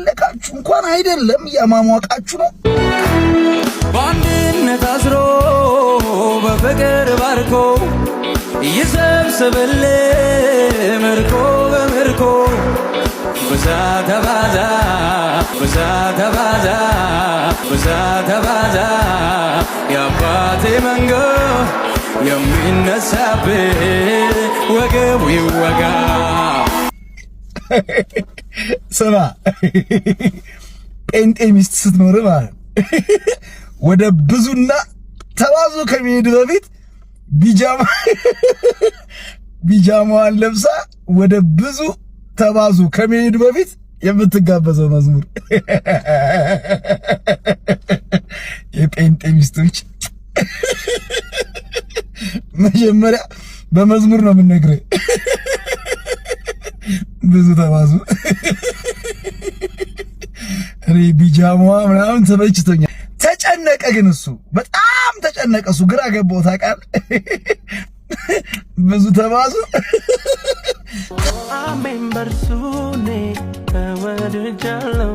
እያለቃችሁ እንኳን አይደለም እያማሟቃችሁ ነው። በአንድነት አስሮ በፍቅር ባርኮ እየሰብስብል ምርኮ በምርኮ ብዛ ተባዛ ብዛ ተባዛ ብዛ ተባዛ የአባቴ መንጎ የሚነሳብ ወገቡ ይወጋ ስማ ጴንጤ ሚስት ስትኖር ማለት ወደ ብዙና ተባዙ ከሚሄድ በፊት ቢጃማ ቢጃማዋን ለብሳ ወደ ብዙ ተባዙ ከሚሄድ በፊት የምትጋበዘው መዝሙር የጴንጤ ሚስቶች መጀመሪያ በመዝሙር ነው የምንነግርህ። ብዙ ተባዙ። እኔ ቢጃማዋ ምናምን ተበችቶኛል። ተጨነቀ ግን እሱ በጣም ተጨነቀ። እሱ ግራ ገባው ታውቃለህ። ብዙ ተባዙ። አሜን በርሱ እኔ ተወድጃለሁ፣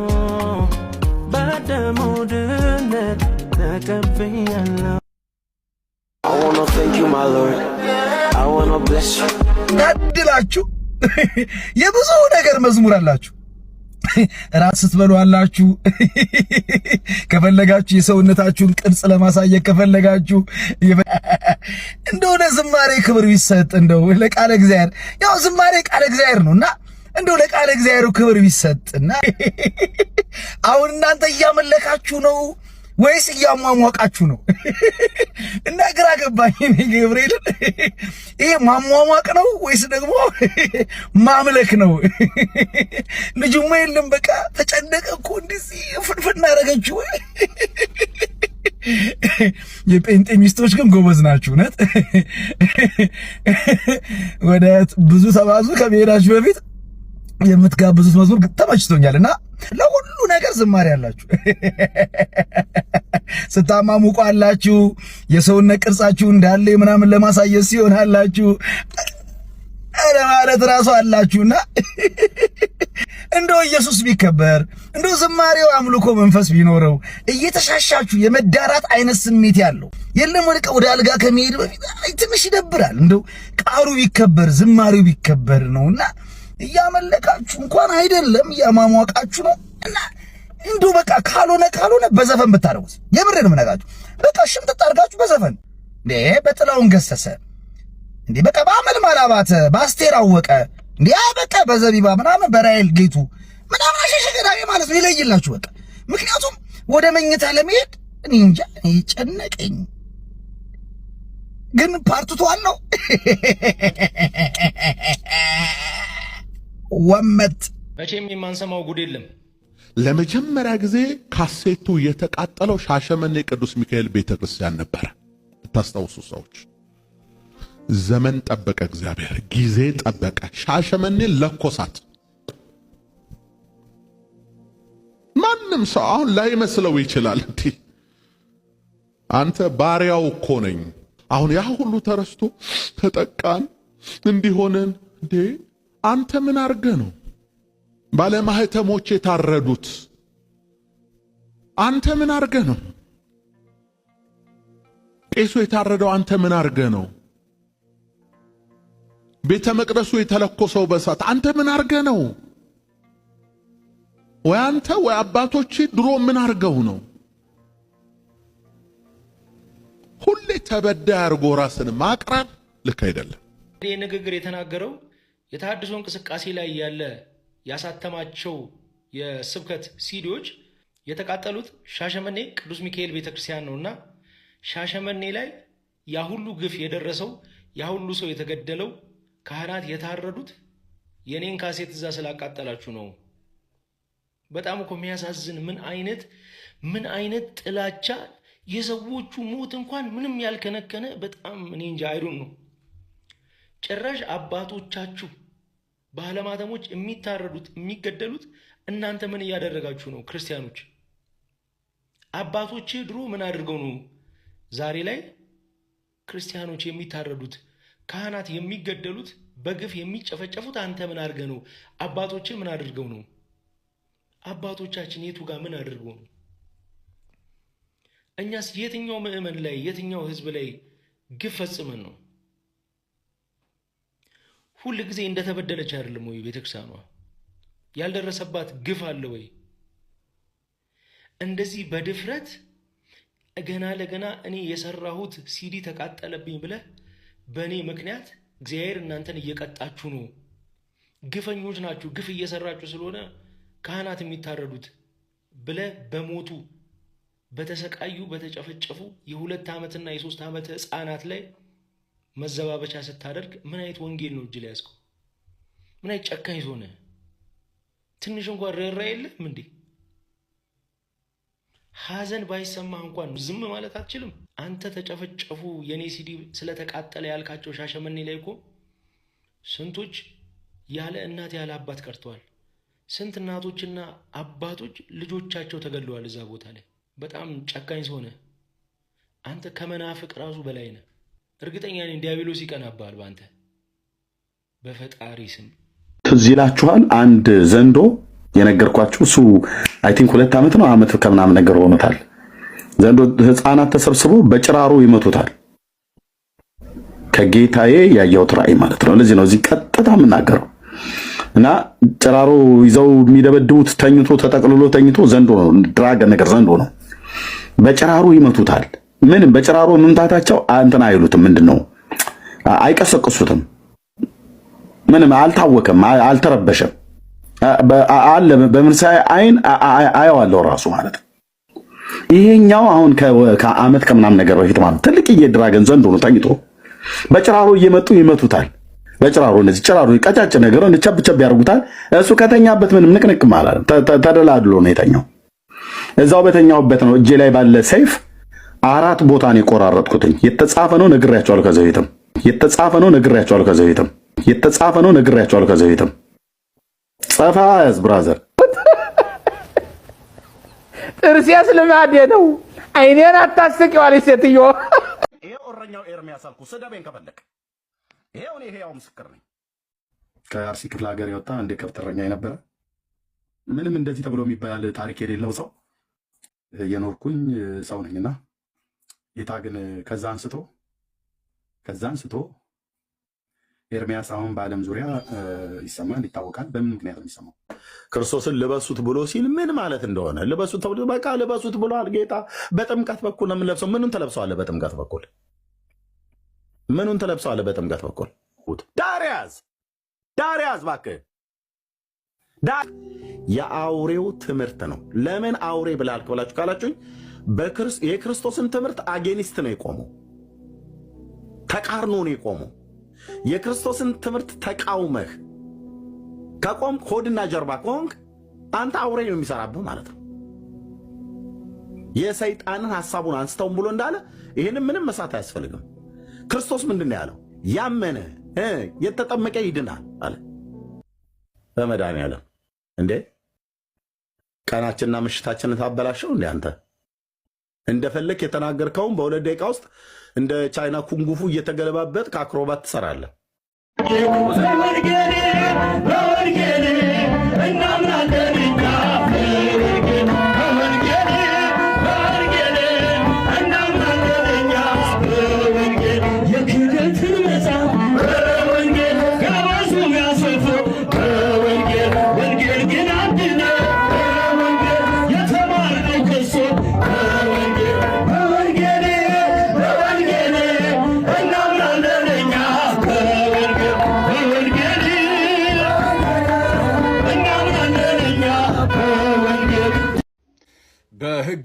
በደሙ ድነት ተቀብያለሁ። የብዙ ነገር መዝሙር አላችሁ። እራት ስትበሉ አላችሁ። ከፈለጋችሁ የሰውነታችሁን ቅርጽ ለማሳየት ከፈለጋችሁ እንደሆነ ዝማሬ ክብር ቢሰጥ እንደው ለቃለ እግዚአብሔር ያው ዝማሬ ቃለ እግዚአብሔር ነውና እንደው ለቃለ እግዚአብሔር ክብር ቢሰጥና አሁን እናንተ እያመለካችሁ ነው ወይስ እያሟሟቃችሁ ነው? እና ግራ ገባኝ። ገብርኤልን ይሄ ማሟሟቅ ነው ወይስ ደግሞ ማምለክ ነው? ልጁማ የለም በቃ ተጨነቀ እኮ እንደዚህ ፍንፍና ያደረገችው። የጴንጤ ሚስቶች ግን ጎበዝ ናችሁ። እውነት ወደ ብዙ ተባዙ ከመሄዳችሁ በፊት የምትጋብዙት መዝሙር ተመችቶኛል እና ለሁሉ ነገር ዝማሬ አላችሁ፣ ስታማሙቁ አላችሁ፣ የሰውነት ቅርጻችሁ እንዳለ ምናምን ለማሳየት ሲሆን አላችሁ፣ ለማለት ማለት ራሱ አላችሁና እንደው ኢየሱስ ቢከበር እንደው ዝማሬው አምልኮ መንፈስ ቢኖረው እየተሻሻችሁ የመዳራት አይነት ስሜት ያለው የለም። ወደ ወደ አልጋ ከመሄድ በፊት ትንሽ ይደብራል። እንደው ቃሩ ቢከበር ዝማሬው ቢከበር ነውና እያመለካችሁ እንኳን አይደለም እያማሟቃችሁ ነው። እና እንዶ በቃ ካልሆነ ካልሆነ በዘፈን ብታደርጉት የምሬ ነው የምነግራችሁ። በቃ ሽምጥጥ አድርጋችሁ በዘፈን እንዴ በጥላውን ገሰሰ እንዴ በቃ በአመል ማላባት በአስቴር አወቀ እንዴ ያ በቃ በዘቢባ ምናምን በራይል ጌቱ ምናምን አሸሸገዳሚ ማለት ነው ይለይላችሁ። በቃ ምክንያቱም ወደ መኝታ ለመሄድ እኔ እንጃ ጨነቀኝ። ግን ፓርቱቱ አለው ወመት መቼም የማንሰማው ጉድ የለም። ለመጀመሪያ ጊዜ ካሴቱ የተቃጠለው ሻሸመኔ ቅዱስ ሚካኤል ቤተ ክርስቲያን ነበረ። የምታስታውሱ ሰዎች ዘመን ጠበቀ፣ እግዚአብሔር ጊዜ ጠበቀ። ሻሸመኔ ለኮሳት። ማንም ሰው አሁን ላይመስለው ይችላል። እንዲህ አንተ ባሪያው እኮ ነኝ። አሁን ያ ሁሉ ተረስቶ ተጠቃን እንዲሆንን እንዴ አንተ ምን አድርገ ነው ባለማህተሞች የታረዱት አንተ ምን አርገ ነው? ቄሱ የታረደው አንተ ምን አርገ ነው? ቤተ መቅደሱ የተለኮሰው በሳት አንተ ምን አርገ ነው? ወይ አንተ ወይ አባቶች ድሮ ምን አርገው ነው? ሁሌ ተበዳ አርጎ ራስን ማቅረብ ልክ አይደለም። ይህ ንግግር የተናገረው የተሃድሶ እንቅስቃሴ ላይ ያለ ያሳተማቸው የስብከት ሲዲዎች የተቃጠሉት ሻሸመኔ ቅዱስ ሚካኤል ቤተክርስቲያን ነውና ሻሸመኔ ላይ ያ ሁሉ ግፍ የደረሰው ያ ሁሉ ሰው የተገደለው ካህናት የታረዱት የኔን ካሴት እዛ ስላቃጠላችሁ ነው። በጣም እኮ የሚያሳዝን ምን አይነት ምን አይነት ጥላቻ! የሰዎቹ ሞት እንኳን ምንም ያልከነከነ በጣም እኔ እንጃ አይዱን ነው ጭራሽ አባቶቻችሁ ባለማተሞች የሚታረዱት የሚገደሉት እናንተ ምን እያደረጋችሁ ነው? ክርስቲያኖች አባቶች ድሮ ምን አድርገው ነው ዛሬ ላይ ክርስቲያኖች የሚታረዱት ካህናት የሚገደሉት በግፍ የሚጨፈጨፉት አንተ ምን አድርገ ነው? አባቶች ምን አድርገው ነው? አባቶቻችን የቱ ጋር ምን አድርገው ነው? እኛስ የትኛው ምዕመን ላይ የትኛው ህዝብ ላይ ግፍ ፈጽመን ነው? ሁል ጊዜ እንደተበደለች አይደለም ወይ ቤተክርስቲያኗ? ያልደረሰባት ግፍ አለ ወይ? እንደዚህ በድፍረት ገና ለገና እኔ የሰራሁት ሲዲ ተቃጠለብኝ ብለህ በእኔ ምክንያት እግዚአብሔር እናንተን እየቀጣችሁ ነው፣ ግፈኞች ናችሁ፣ ግፍ እየሰራችሁ ስለሆነ ካህናት የሚታረዱት ብለህ በሞቱ በተሰቃዩ በተጨፈጨፉ የሁለት ዓመትና የሶስት ዓመት ህፃናት ላይ መዘባበቻ ስታደርግ ምን አይነት ወንጌል ነው እጅ ላይ ያዝከው? ምን አይነት ጨካኝ ሆነ? ትንሽ እንኳን ርኅራ የለም እንዴ? ሀዘን ባይሰማህ እንኳን ዝም ማለት አትችልም? አንተ ተጨፈጨፉ የኔ ሲዲ ስለተቃጠለ ያልካቸው ሻሸመኔ ላይ እኮ ስንቶች ያለ እናት ያለ አባት ቀርተዋል። ስንት እናቶችና አባቶች ልጆቻቸው ተገለዋል እዛ ቦታ ላይ። በጣም ጨካኝ ሆነ። አንተ ከመናፍቅ ራሱ በላይ ነህ። እርግጠኛ ነኝ ዲያብሎስ ይቀናባል በአንተ በፈጣሪ ስም። ትዝ ይላችኋል አንድ ዘንዶ የነገርኳችሁ እሱ አይ ቲንክ ሁለት ዓመት ነው ዓመት ከምናምን ነገር ሆኖታል። ዘንዶ ህፃናት ተሰብስቦ በጭራሮ ይመቱታል። ከጌታዬ ያየሁት ራእይ ማለት ነው። ለዚህ ነው እዚህ ቀጥታ የምናገረው እና ጭራሮ ይዘው የሚደበድቡት ተኝቶ ተጠቅልሎ ተኝቶ ዘንዶ ነው፣ ነገር ዘንዶ ነው። በጭራሩ ይመቱታል። ምንም በጭራሮ መምታታቸው እንትን አይሉትም። ምንድን ነው አይቀሰቅሱትም። ምንም አልታወቀም፣ አልተረበሸም። አለ በምርሳይ አይን አየዋለሁ ራሱ ማለት ይሄኛው አሁን ከአመት ከምናም ነገር በፊት ማለት ትልቅዬ ድራገን ዘንድ ነው ተኝቶ በጭራሮ እየመጡ ይመቱታል። በጭራሮ እነዚህ ጭራሮ ቀጫጭ ነገር ቸብ ቸብ ያደርጉታል። እሱ ከተኛበት ምንም ንቅንቅ ማለት ተደላድሎ ነው የተኛው። እዛው በተኛውበት ነው እጄ ላይ ባለ ሰይፍ አራት ቦታ ነው የቆራረጥኩትኝ። የተጻፈ ነው ነግሬያቸዋለሁ። ከዚህ ቤትም የተጻፈ ነው ነግሬያቸዋለሁ። ከዚህ ቤትም የተጻፈ ነው ነግሬያቸዋለሁ። ከዚህ ቤትም ጸፋ ያዝ ብራዘር እርሲያስ ልማዴ ነው። አይኔን አታስቂዋል ሴትዮ። ይሄ እረኛው ኤርሚያስ አልኩ። ስደበኝ ከፈለክ ይሄው እኔ ያው ምስክር ነኝ። ከአርሲ ክፍለ ሀገር የወጣ እንደ ከብት እረኛ የነበረ ምንም እንደዚህ ተብሎ የሚባል ታሪክ የሌለው ሰው የኖርኩኝ ሰው ነኝና ጌታ ግን ከዛ አንስቶ ከዛ አንስቶ ኤርሚያስ አሁን በዓለም ዙሪያ ይሰማል፣ ይታወቃል። በምን ምክንያት ነው የሚሰማው? ክርስቶስን ልበሱት ብሎ ሲል ምን ማለት እንደሆነ ልበሱት ተብሎ በቃ ልበሱት ብሏል ጌታ። በጥምቀት በኩል ነው የምንለብሰው። ምኑን ተለብሰዋለ? በጥምቀት በኩል ምኑን ተለብሰዋለ? በጥምቀት በኩል ዳር ያዝ፣ ዳር ያዝ እባክህ ዳር። የአውሬው ትምህርት ነው። ለምን አውሬ ብላልክ ብላችሁ ካላችሁኝ የክርስቶስን ትምህርት አጌኒስት ነው የቆመው፣ ተቃርኖ ነው የቆመው። የክርስቶስን ትምህርት ተቃውመህ ከቆም ሆድና ጀርባ ከሆንክ አንተ አውሬ ነው የሚሰራብህ ማለት ነው። የሰይጣንን ሐሳቡን አንስተውም ብሎ እንዳለ ይህንም ምንም መሳት አያስፈልግም። ክርስቶስ ምንድን ነው ያለው? ያመነ የተጠመቀ ይድናል አለ። በመድኃኔዓለም እንዴ! ቀናችንና ምሽታችንን ታበላሸው እንዴ አንተ እንደፈለክ የተናገርከውን በሁለት ደቂቃ ውስጥ እንደ ቻይና ኩንጉፉ እየተገለባበት ከአክሮባት ትሰራለህ። እናምናለን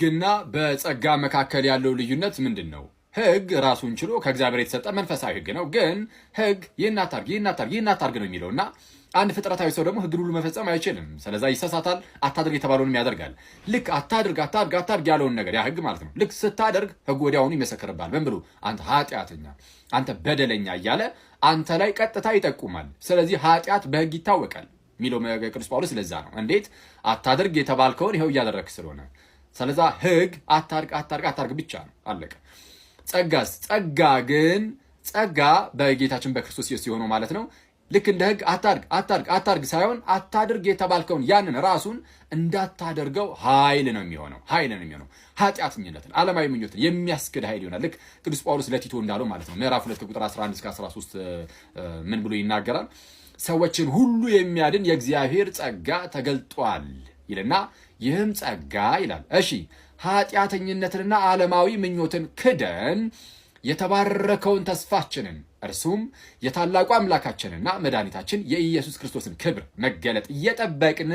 በሕግና በጸጋ መካከል ያለው ልዩነት ምንድን ነው? ሕግ ራሱን ችሎ ከእግዚአብሔር የተሰጠ መንፈሳዊ ሕግ ነው። ግን ሕግ ይህን አታርግ፣ ይህን አታርግ፣ ይህን አታርግ ነው የሚለው እና አንድ ፍጥረታዊ ሰው ደግሞ ሕግን ሁሉ መፈጸም አይችልም። ስለዛ ይሰሳታል፣ አታድርግ የተባለውንም ያደርጋል። ልክ አታድርግ አታድርግ አታድርግ ያለውን ነገር ያ ሕግ ማለት ነው። ልክ ስታደርግ ሕግ ወዲያውኑ ይመሰክርባል። በምን ብሎ አንተ ኃጢአተኛ፣ አንተ በደለኛ እያለ አንተ ላይ ቀጥታ ይጠቁማል። ስለዚህ ኃጢአት በሕግ ይታወቃል የሚለው ቅዱስ ጳውሎስ ለዛ ነው። እንዴት አታድርግ የተባልከውን ይኸው እያደረግክ ስለሆነ ስለዛ ህግ አታርቅ አታርቅ አታርቅ ብቻ ነው፣ አለቀ። ጸጋስ ጸጋ ግን ጸጋ በጌታችን በክርስቶስ ኢየሱስ የሆነው ማለት ነው። ልክ እንደ ህግ አታርግ አታርግ አታርግ ሳይሆን አታድርግ የተባልከውን ያንን ራሱን እንዳታደርገው ኃይል ነው የሚሆነው ኃይል ነው የሚሆነው ኃጢአተኝነትን ዓለማዊ ምኞትን የሚያስክድ ኃይል ይሆናል። ልክ ቅዱስ ጳውሎስ ለቲቶ እንዳለው ማለት ነው ምዕራፍ ሁለት ቁጥር 11 እስከ 13 ምን ብሎ ይናገራል? ሰዎችን ሁሉ የሚያድን የእግዚአብሔር ጸጋ ተገልጧል ይልና ይህም ጸጋ ይላል። እሺ ኃጢአተኝነትንና ዓለማዊ ምኞትን ክደን የተባረከውን ተስፋችንን እርሱም የታላቁ አምላካችንና መድኃኒታችን የኢየሱስ ክርስቶስን ክብር መገለጥ እየጠበቅን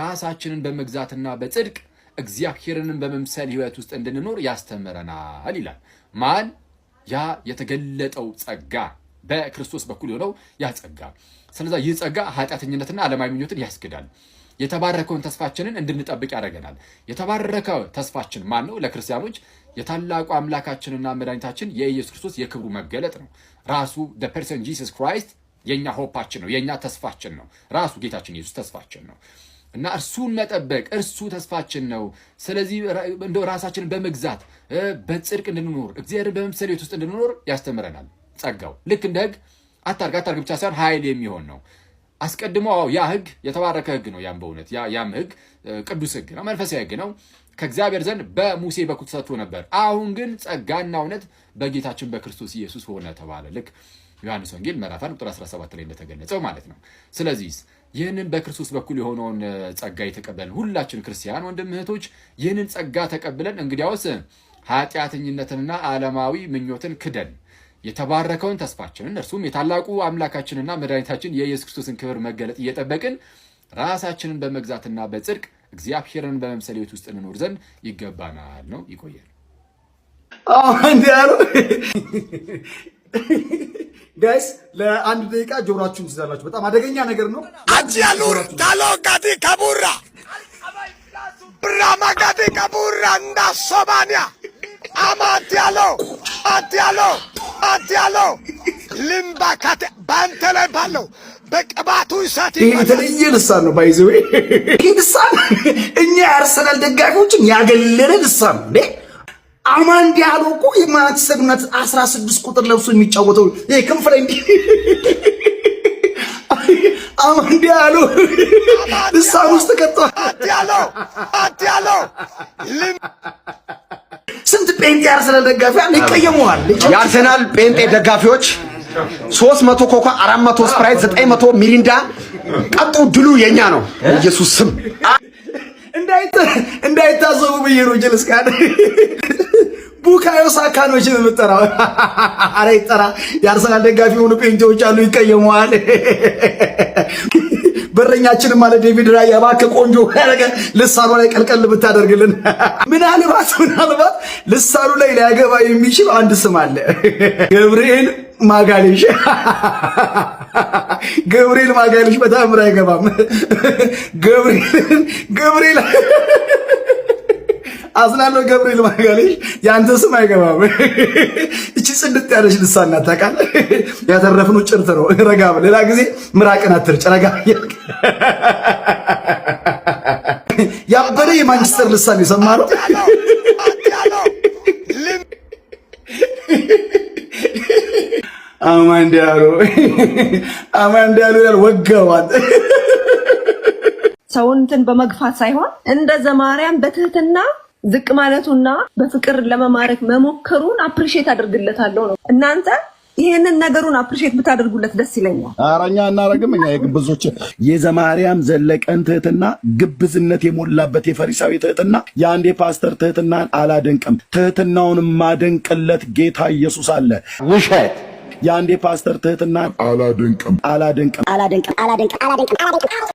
ራሳችንን በመግዛትና በጽድቅ እግዚአብሔርንም በመምሰል ሕይወት ውስጥ እንድንኖር ያስተምረናል ይላል። ማን ያ የተገለጠው ጸጋ በክርስቶስ በኩል የሆነው ያ ጸጋ። ስለዛ ይህ ጸጋ ኃጢአተኝነትና ዓለማዊ ምኞትን ያስግዳል። የተባረከውን ተስፋችንን እንድንጠብቅ ያደርገናል። የተባረከ ተስፋችን ማን ነው? ለክርስቲያኖች የታላቁ አምላካችንና መድኃኒታችን የኢየሱስ ክርስቶስ የክብሩ መገለጥ ነው። ራሱ ደ ፐርሰን ጂሰስ ክራይስት የእኛ ሆፓችን ነው፣ የእኛ ተስፋችን ነው። ራሱ ጌታችን ኢየሱስ ተስፋችን ነው እና እርሱን መጠበቅ እርሱ ተስፋችን ነው። ስለዚህ እንደ ራሳችንን በመግዛት በጽድቅ እንድንኖር እግዚአብሔር በመምሰል ሕይወት ውስጥ እንድንኖር ያስተምረናል። ጸጋው ልክ እንደ አታርግ አታርግ ብቻ ሳይሆን ኃይል የሚሆን ነው። አስቀድሞ አዎ ያ ህግ የተባረከ ህግ ነው። ያም በእውነት ያም ህግ ቅዱስ ህግ ነው፣ መንፈሳዊ ህግ ነው። ከእግዚአብሔር ዘንድ በሙሴ በኩል ተሰጥቶ ነበር። አሁን ግን ጸጋና እውነት በጌታችን በክርስቶስ ኢየሱስ ሆነ ተባለ። ልክ ዮሐንስ ወንጌል ምዕራፍ ቁጥር 17 ላይ እንደተገለጸው ማለት ነው። ስለዚህ ይህንን በክርስቶስ በኩል የሆነውን ጸጋ የተቀበልን ሁላችን ክርስቲያን ወንድም እህቶች ይህንን ጸጋ ተቀብለን እንግዲያውስ ኃጢአተኝነትንና ዓለማዊ ምኞትን ክደን የተባረከውን ተስፋችንን እርሱም የታላቁ አምላካችንና መድኃኒታችን የኢየሱስ ክርስቶስን ክብር መገለጥ እየጠበቅን ራሳችንን በመግዛትና በጽድቅ እግዚአብሔርን በመምሰል ቤት ውስጥ እንኖር ዘንድ ይገባናል ነው። ይቆያል። እንዲ ያሉ ጋይስ ለአንድ ደቂቃ ጆሮችሁን ትይዛላችሁ። በጣም አደገኛ ነገር ነው። አጅ ያሉር ታሎጋቲ ከቡራ ብራማጋቲ ከቡራ እንዳሶባንያ አማት ያለው አት ያለው በአንተ ያለው ልምባ ልምባካተ በአንተ ላይ ባለው በቅባቱ እሳት የተለየ ልሳን ነው። ባይዘ ይህ ልሳን እኛ የአርሰናል ደጋፊዎችን ያገለለ ልሳን ነው። አማን ዲያሎ እኮ የማንቸስተርነት 16 ቁጥር ለብሶ የሚጫወተው ይሄ ክንፍ ላይ እንዲህ አማን ዲያሎ ልሳን ውስጥ ቀጥቷል። ያለው አትያለው ስንት ጴንጤ አርሰናል ደጋፊ አለ፣ ይቀየሙሃል። የአርሰናል ጴንጤ ደጋፊዎች 300 ኮካ፣ 400 ስፕራይት፣ 900 ሚሪንዳ ቀጡ። ድሉ የኛ ነው። ኢየሱስ ስም እንዳይታዘቡ ብዬ ነው እንጂ ልስካ ቡካዮ ሳካ ነው እሺ የምጠራው። ኧረ ይጠራ። የአርሰናል ደጋፊ የሆኑ ጴንጤዎች አሉ፣ ይቀየሙሃል። በረኛችንም ማለት ዴቪድ ራያ እባክህ ቆንጆ ያደረገ ልሳኑ ላይ ቀልቀል ብታደርግልን። ምናልባት ምናልባት ልሳኑ ላይ ሊያገባ የሚችል አንድ ስም አለ፣ ገብርኤል ማጋሌሽ። ገብርኤል ማጋሌሽ በታምር አይገባም። ገብርኤል ገብርኤል አዝናለሁ ገብርኤል ማርጋሌሽ የአንተ ስም አይገባም። እቺ ጽድት ያለች ልሳና ታውቃል። ያተረፍነው ጭርት ነው። ረጋ ሌላ ጊዜ ምራቅን አትርጭ። ረጋ ያበረ የማንቸስተር ልሳን የሰማ ነው። አማንዲያሎ አማንዲያሎ ያል ወገዋል ሰውንትን በመግፋት ሳይሆን እንደ ዘማርያም በትህትና ዝቅ ማለቱና በፍቅር ለመማረክ መሞከሩን አፕሪሼት አድርግለታለሁ ነው። እናንተ ይህንን ነገሩን አፕሪሼት ብታደርጉለት ደስ ይለኛል። ኧረ እኛ እናረግም። እኛ የግብዞች የዘማርያም ዘለቀን ትህትና ግብዝነት የሞላበት የፈሪሳዊ ትህትና የአንድ የፓስተር ትህትናን አላደንቅም። ትህትናውን ማደንቅለት ጌታ ኢየሱስ አለ። ውሸት የአንድ የፓስተር ትህትናን አላደንቅም አላደንቅም አላደንቅም አላደንቅም አላደንቅም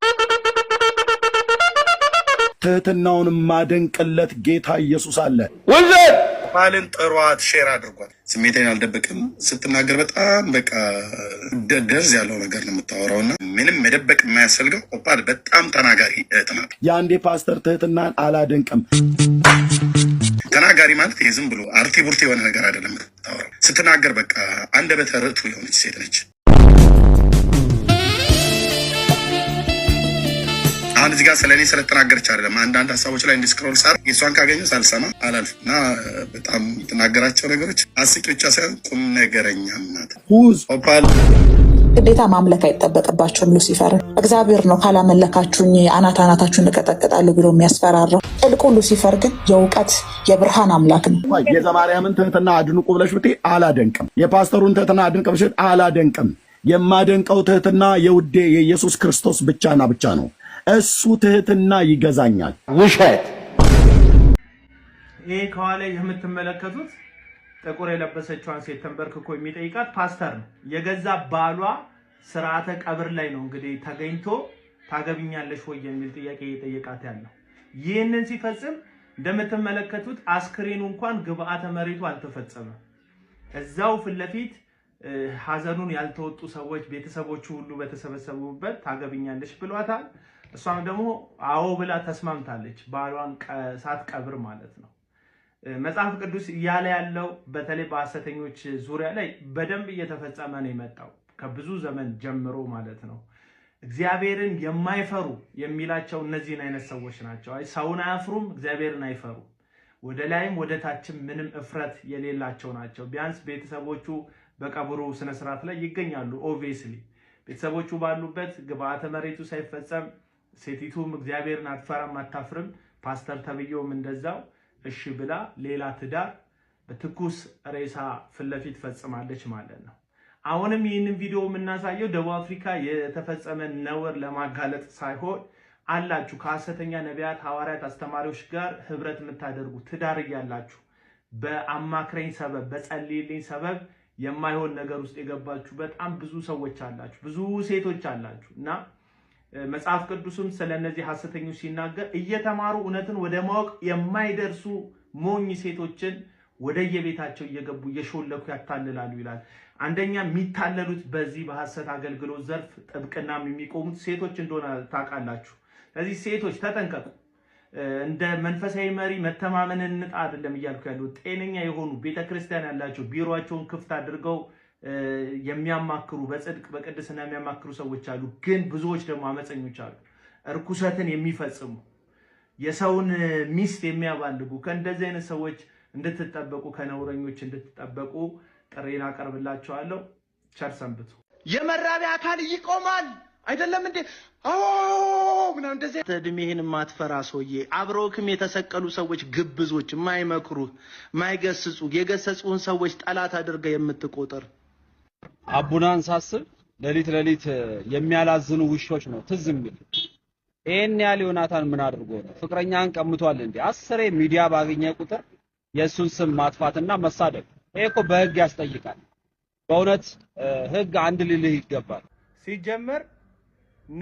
ትህትናውን ማደንቅለት ጌታ ኢየሱስ አለ። ውልደት ባልን ጥሯት፣ ሼር አድርጓል። ስሜቴን አልደበቅም። ስትናገር በጣም በቃ ደርዝ ያለው ነገር ነው የምታወራውና ምንም መደበቅ የማያስፈልገው ኦፓል በጣም ተናጋሪ እህትናት። የአንዴ ፓስተር ትህትናን አላደንቅም። ተናጋሪ ማለት የዝም ብሎ አርቲ ቡርቲ የሆነ ነገር አይደለም። የምታወራው ስትናገር በቃ አንደበተ ርቱዕ የሆነች ሴት ነች። አሁን እዚህ ጋር ስለ እኔ ስለተናገረች አይደለም። አንዳንድ ሀሳቦች ላይ እንዲስክሮል ሳር የእሷን ካገኙ ሳልሰማ አላልፍ እና በጣም የተናገራቸው ነገሮች አስቂ ብቻ ሳይሆን ቁም ነገረኛ ናት። ኦፓል ግዴታ ማምለክ አይጠበቅባቸውም። ሉሲፈር እግዚአብሔር ነው ካላመለካችሁኝ አናት አናታችሁን እቀጠቅጣለሁ ብሎ የሚያስፈራራው ጥልቁ ሉሲፈር ግን የእውቀት የብርሃን አምላክ ነው። የዘማርያምን ትህትና አድንቁ ብለሽ ብቴ አላደንቅም። የፓስተሩን ትህትና አድንቅ ብለሽ አላደንቅም። የማደንቀው ትህትና የውዴ የኢየሱስ ክርስቶስ ብቻና ብቻ ነው። እሱ ትህትና ይገዛኛል። ውሸት ይህ ከኋላ የምትመለከቱት ጥቁር የለበሰችዋን ሴት ተንበርክኮ የሚጠይቃት ፓስተር ነው። የገዛ ባሏ ስርዓተ ቀብር ላይ ነው እንግዲህ ተገኝቶ ታገብኛለሽ ወይ የሚል ጥያቄ እየጠየቃት ያለው። ይህንን ሲፈጽም እንደምትመለከቱት አስክሬኑ እንኳን ግብአተ መሬቱ አልተፈጸመም። እዛው ፊት ለፊት ሀዘኑን ያልተወጡ ሰዎች ቤተሰቦቹ ሁሉ በተሰበሰቡበት ታገብኛለሽ ብሏታል። እሷም ደግሞ አዎ ብላ ተስማምታለች፣ ባሏን ሳትቀብር ማለት ነው። መጽሐፍ ቅዱስ እያለ ያለው በተለይ በሐሰተኞች ዙሪያ ላይ በደንብ እየተፈጸመ ነው የመጣው ከብዙ ዘመን ጀምሮ ማለት ነው። እግዚአብሔርን የማይፈሩ የሚላቸው እነዚህን አይነት ሰዎች ናቸው። ሰውን አያፍሩም፣ እግዚአብሔርን አይፈሩም። ወደ ላይም ወደ ታችም ምንም እፍረት የሌላቸው ናቸው። ቢያንስ ቤተሰቦቹ በቀብሩ ስነስርዓት ላይ ይገኛሉ። ኦብቪየስሊ ቤተሰቦቹ ባሉበት ግብዓተ መሬቱ ሳይፈጸም ሴቲቱም እግዚአብሔርን አትፈራም አታፍርም። ፓስተር ተብዬውም እንደዛው እሺ ብላ ሌላ ትዳር በትኩስ ሬሳ ፊት ለፊት ፈጽማለች ማለት ነው። አሁንም ይህንን ቪዲዮ የምናሳየው ደቡብ አፍሪካ የተፈጸመ ነውር ለማጋለጥ ሳይሆን አላችሁ ከሐሰተኛ ነቢያት፣ ሐዋርያት፣ አስተማሪዎች ጋር ህብረት የምታደርጉ ትዳር እያላችሁ በአማክረኝ ሰበብ በጸልይልኝ ሰበብ የማይሆን ነገር ውስጥ የገባችሁ በጣም ብዙ ሰዎች አላችሁ፣ ብዙ ሴቶች አላችሁ እና መጽሐፍ ቅዱስም ስለ እነዚህ ሐሰተኞች ሲናገር እየተማሩ እውነትን ወደ ማወቅ የማይደርሱ ሞኝ ሴቶችን ወደየቤታቸው እየገቡ እየሾለኩ ያታልላሉ ይላል። አንደኛ የሚታለሉት በዚህ በሐሰት አገልግሎት ዘርፍ ጥብቅና የሚቆሙት ሴቶች እንደሆነ ታውቃላችሁ። ስለዚህ ሴቶች ተጠንቀቁ። እንደ መንፈሳዊ መሪ መተማመንን ንጣ አይደለም እያልኩ ያለው ጤነኛ የሆኑ ቤተክርስቲያን ያላቸው ቢሮቸውን ክፍት አድርገው የሚያማክሩ በጽድቅ በቅድስና የሚያማክሩ ሰዎች አሉ። ግን ብዙዎች ደግሞ አመፀኞች አሉ፣ እርኩሰትን የሚፈጽሙ የሰውን ሚስት የሚያባልጉ። ከእንደዚህ አይነት ሰዎች እንድትጠበቁ፣ ከነውረኞች እንድትጠበቁ ጥሬን አቀርብላቸዋለሁ። ቸር ሰንብቱ። የመራቢያ አካል ይቆማል አይደለም እንዴ? ምናምን እንደዚህ እድሜህን ማትፈራ ሰውዬ አብረውክም የተሰቀሉ ሰዎች ግብዞች፣ የማይመክሩህ፣ የማይገስጹ የገሰጹህን ሰዎች ጠላት አድርገህ የምትቆጠር አቡናን ሳስብ ሌሊት ሌሊት የሚያላዝኑ ውሾች ነው ትዝ የሚል። ይሄን ያህል ዮናታን ምን አድርጎ ነው ፍቅረኛን ቀምቷል እንዴ? አስሬ ሚዲያ ባገኘ ቁጥር የእሱን ስም ማጥፋትና መሳደብ፣ ይሄ እኮ በህግ ያስጠይቃል። በእውነት ህግ አንድ ልልህ ይገባል። ሲጀመር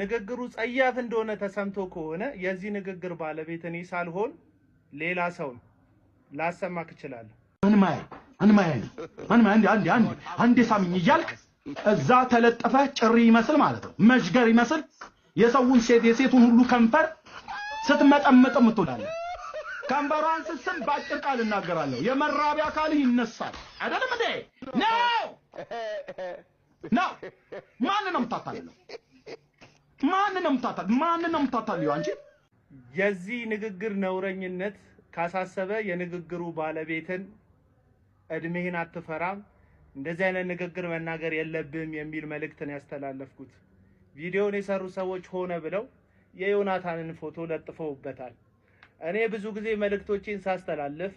ንግግሩ ጸያፍ እንደሆነ ተሰምቶ ከሆነ የዚህ ንግግር ባለቤት እኔ ሳልሆን ሌላ ሰው ላሰማክ እችላለሁ። ምን ማለት አንማያን አንማ አንድ አንድ አንድ አንድ ሳምኝ እያልክ እዛ ተለጠፈ ጭሪ ይመስል ማለት ነው። መዥገር ይመስል የሰውን ሴት የሴቱን ሁሉ ከንፈር ስትመጠመጥ ምትውላለህ። ከንፈሯን ስስም በአጭር ቃል እናገራለሁ። የመራቢያ አካል ይነሳል። አይደለም እንዴ? ነው ነው። ማን ነው የምታታልለው? ማን ነው የምታታልለው? ማን ነው የምታታልለው? አንቺ የዚህ ንግግር ነውረኝነት ካሳሰበ የንግግሩ ባለቤትን እድሜህን አትፈራም፣ እንደዚህ አይነት ንግግር መናገር የለብህም የሚል መልእክትን ያስተላለፍኩት። ቪዲዮን የሰሩ ሰዎች ሆነ ብለው የዮናታንን ፎቶ ለጥፈውበታል። እኔ ብዙ ጊዜ መልእክቶቼን ሳስተላልፍ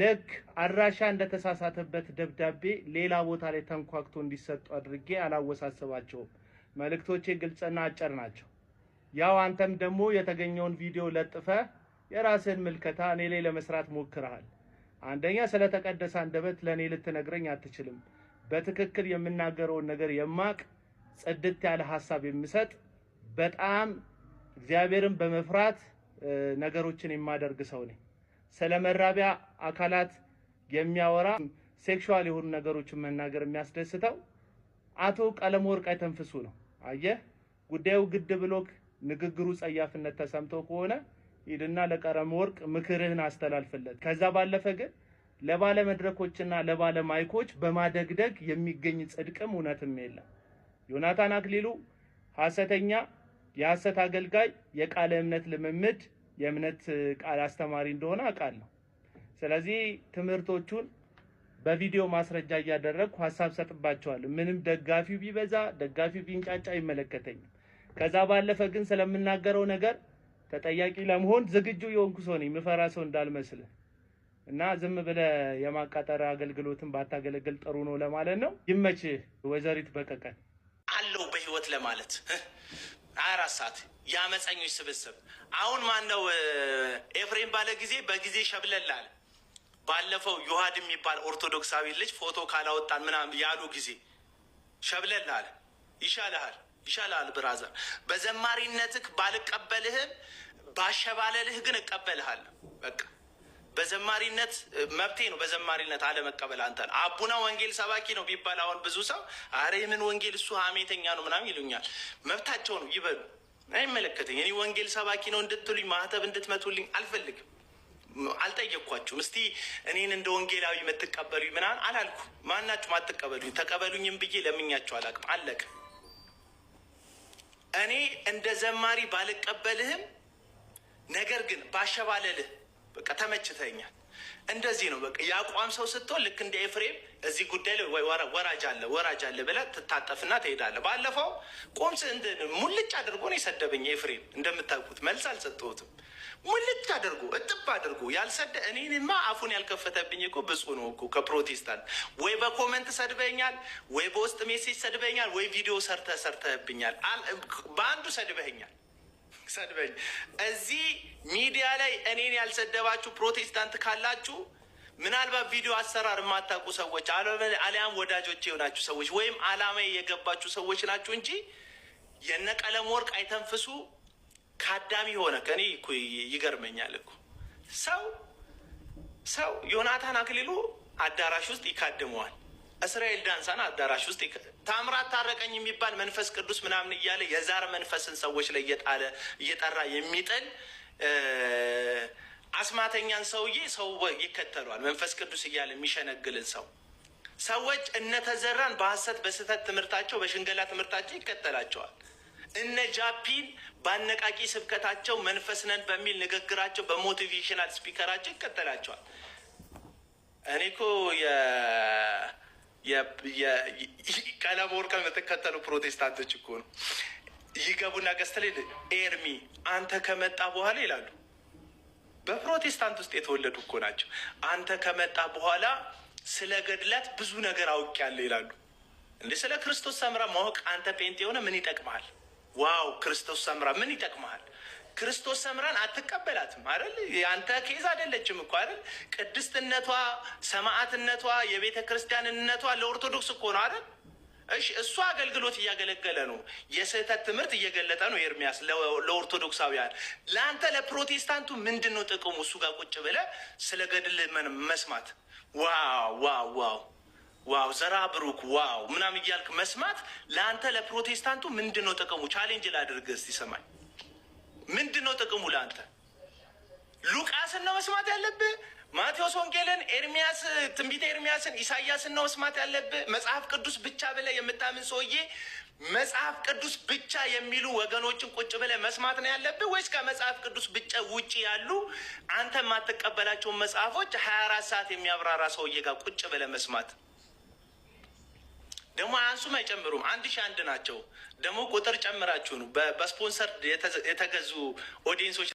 ልክ አድራሻ እንደተሳሳተበት ደብዳቤ ሌላ ቦታ ላይ ተንኳክቶ እንዲሰጡ አድርጌ አላወሳስባቸውም። መልእክቶቼ ግልጽና አጭር ናቸው። ያው አንተም ደግሞ የተገኘውን ቪዲዮ ለጥፈ የራስህን ምልከታ እኔ ላይ ለመስራት ሞክረሃል። አንደኛ ስለተቀደሰ አንደበት ለእኔ ልትነግረኝ አትችልም። በትክክል የምናገረውን ነገር የማቅ ጽድት ያለ ሀሳብ የምሰጥ በጣም እግዚአብሔርን በመፍራት ነገሮችን የማደርግ ሰው ነኝ። ስለ መራቢያ አካላት የሚያወራ ሴክሹዋል የሆኑ ነገሮችን መናገር የሚያስደስተው አቶ ቀለመወርቅ አይተንፍሱ ነው። አየህ ጉዳዩ ግድ ብሎክ ንግግሩ ጸያፍነት ተሰምቶ ከሆነ ሂድና ለቀረም ወርቅ ምክርህን አስተላልፍለት። ከዛ ባለፈ ግን ለባለ መድረኮችና ለባለ ማይኮች በማደግደግ የሚገኝ ጽድቅም እውነትም የለም። ዮናታን አክሊሉ ሐሰተኛ፣ የሐሰት አገልጋይ፣ የቃለ እምነት ልምምድ፣ የእምነት ቃል አስተማሪ እንደሆነ ነው። ስለዚህ ትምህርቶቹን በቪዲዮ ማስረጃ እያደረግኩ ሀሳብ ሰጥባቸዋል ምንም ደጋፊው ቢበዛ ደጋፊው ቢንጫጫ አይመለከተኝም። ከዛ ባለፈ ግን ስለምናገረው ነገር ተጠያቂ ለመሆን ዝግጁ የሆንኩ ሰው ነኝ። የምፈራ ሰው እንዳልመስል እና ዝም ብለህ የማቃጠር አገልግሎትን ባታገለግል ጥሩ ነው ለማለት ነው። ይመች ወይዘሪት በቀቀን አለው በህይወት ለማለት ሀያ አራት ሰዓት የአመፀኞች ስብስብ አሁን ማን ነው? ኤፍሬም ባለ ጊዜ በጊዜ ሸብለላል። ባለፈው ዮሐድ የሚባል ኦርቶዶክሳዊ ልጅ ፎቶ ካላወጣን ምናምን ያሉ ጊዜ ሸብለላል። ይሻልሃል ይሻላል ብራዘር፣ በዘማሪነትህ ባልቀበልህም ባሸባለልህ ግን እቀበልሃለሁ። በቃ በዘማሪነት መብቴ ነው። በዘማሪነት አለመቀበል አንተን አቡና ወንጌል ሰባኪ ነው ቢባል አሁን ብዙ ሰው አረ ምን ወንጌል እሱ ሀሜተኛ ነው ምናምን ይሉኛል። መብታቸው ነው ይበሉ፣ አይመለከተኝ። እኔ ወንጌል ሰባኪ ነው እንድትሉኝ ማህተብ እንድትመቱልኝ አልፈልግም። አልጠየኳችሁም። እስቲ እኔን እንደ ወንጌላዊ የምትቀበሉኝ ምናምን አላልኩ። ማናችሁም አትቀበሉኝ፣ ተቀበሉኝም ብዬ ለምኛቸው አላቅም። አለቅም እኔ እንደ ዘማሪ ባልቀበልህም ነገር ግን ባሸባለልህ በቃ ተመችተኛል። እንደዚህ ነው በቃ የአቋም ሰው ስትሆን ልክ እንደ ኤፍሬም እዚህ ጉዳይ ላይ ወራጅ አለ ወራጅ አለ ብለህ ትታጠፍና ትሄዳለህ። ባለፈው ቆምስ ሙልጭ አድርጎ ነው የሰደበኝ ኤፍሬም። እንደምታውቁት መልስ አልሰጠሁትም። ሙልት አድርጎ እጥብ አድርጎ ያልሰደ እኔንማ አፉን ያልከፈተብኝ እኮ ብፁዕ ነው እኮ ከፕሮቴስታንት ወይ በኮመንት ሰድበኛል፣ ወይ በውስጥ ሜሴጅ ሰድበኛል፣ ወይ ቪዲዮ ሰርተ ሰርተብኛል። በአንዱ ሰድበኛል ሰድበኝ። እዚህ ሚዲያ ላይ እኔን ያልሰደባችሁ ፕሮቴስታንት ካላችሁ ምናልባት ቪዲዮ አሰራር የማታውቁ ሰዎች አሊያም ወዳጆች የሆናችሁ ሰዎች ወይም አላማ የገባችሁ ሰዎች ናችሁ እንጂ የነቀለም ወርቅ አይተንፍሱ ከአዳሚ ሆነ ከኔ እኮ ይገርመኛል እኮ ሰው ሰው ዮናታን አክሊሉ አዳራሽ ውስጥ ይካድመዋል። እስራኤል ዳንሳና አዳራሽ ውስጥ ታምራት ታረቀኝ የሚባል መንፈስ ቅዱስ ምናምን እያለ የዛር መንፈስን ሰዎች ላይ እየጣለ እየጠራ የሚጥል አስማተኛን ሰውዬ ሰው ይከተሏል። መንፈስ ቅዱስ እያለ የሚሸነግልን ሰው ሰዎች እነተዘራን በሐሰት በስህተት ትምህርታቸው በሽንገላ ትምህርታቸው ይከተላቸዋል። እነ ጃፒን በአነቃቂ ስብከታቸው መንፈስ ነን በሚል ንግግራቸው በሞቲቬሽናል ስፒከራቸው ይከተላቸዋል። እኔ እኮ ቀለም የምትከተሉ ፕሮቴስታንቶች እኮ ነው። ይገቡና ገዝተ ኤርሚ አንተ ከመጣ በኋላ ይላሉ። በፕሮቴስታንት ውስጥ የተወለዱ እኮ ናቸው። አንተ ከመጣ በኋላ ስለ ገድላት ብዙ ነገር አውቄያለሁ ይላሉ። እንዲህ ስለ ክርስቶስ ሰምራ ማወቅ አንተ ጴንጤ የሆነ ምን ይጠቅመሃል? ዋው ክርስቶስ ሰምራ ምን ይጠቅመሃል? ክርስቶስ ሰምራን አትቀበላትም አይደል? የአንተ ኬዝ አይደለችም እኮ አይደል? ቅድስትነቷ፣ ሰማዕትነቷ፣ የቤተ ክርስቲያንነቷ ለኦርቶዶክስ እኮ ነው አይደል? እሺ እሱ አገልግሎት እያገለገለ ነው። የስህተት ትምህርት እየገለጠ ነው ኤርሚያስ ለኦርቶዶክሳውያን። ለአንተ ለፕሮቴስታንቱ ምንድን ነው ጥቅሙ? እሱ ጋር ቁጭ ብለህ ስለ ገድል መስማት ዋው ዋው ዋው ዋው ዘራ ብሩክ ዋው ምናምን እያልክ መስማት ለአንተ ለፕሮቴስታንቱ ምንድን ነው ጥቅሙ? ቻሌንጅ ላድርግ እስቲ ሰማኝ። ምንድን ነው ጥቅሙ ለአንተ? ሉቃስን ነው መስማት ያለብህ? ማቴዎስ ወንጌልን፣ ኤርሚያስ ትንቢተ ኤርሚያስን፣ ኢሳያስን ነው መስማት ያለብህ? መጽሐፍ ቅዱስ ብቻ ብለህ የምታምን ሰውዬ መጽሐፍ ቅዱስ ብቻ የሚሉ ወገኖችን ቁጭ ብለህ መስማት ነው ያለብህ ወይስ ከመጽሐፍ ቅዱስ ብቻ ውጭ ያሉ አንተ የማትቀበላቸውን መጽሐፎች ሀያ አራት ሰዓት የሚያብራራ ሰውዬ ጋር ቁጭ ብለህ መስማት ደግሞ አያንሱም አይጨምሩም። አንድ ሺህ አንድ ናቸው። ደግሞ ቁጥር ጨምራችሁ ነው በስፖንሰር የተገዙ ኦዲየንሶች